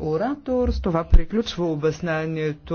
оратор. С това приключва обяснението.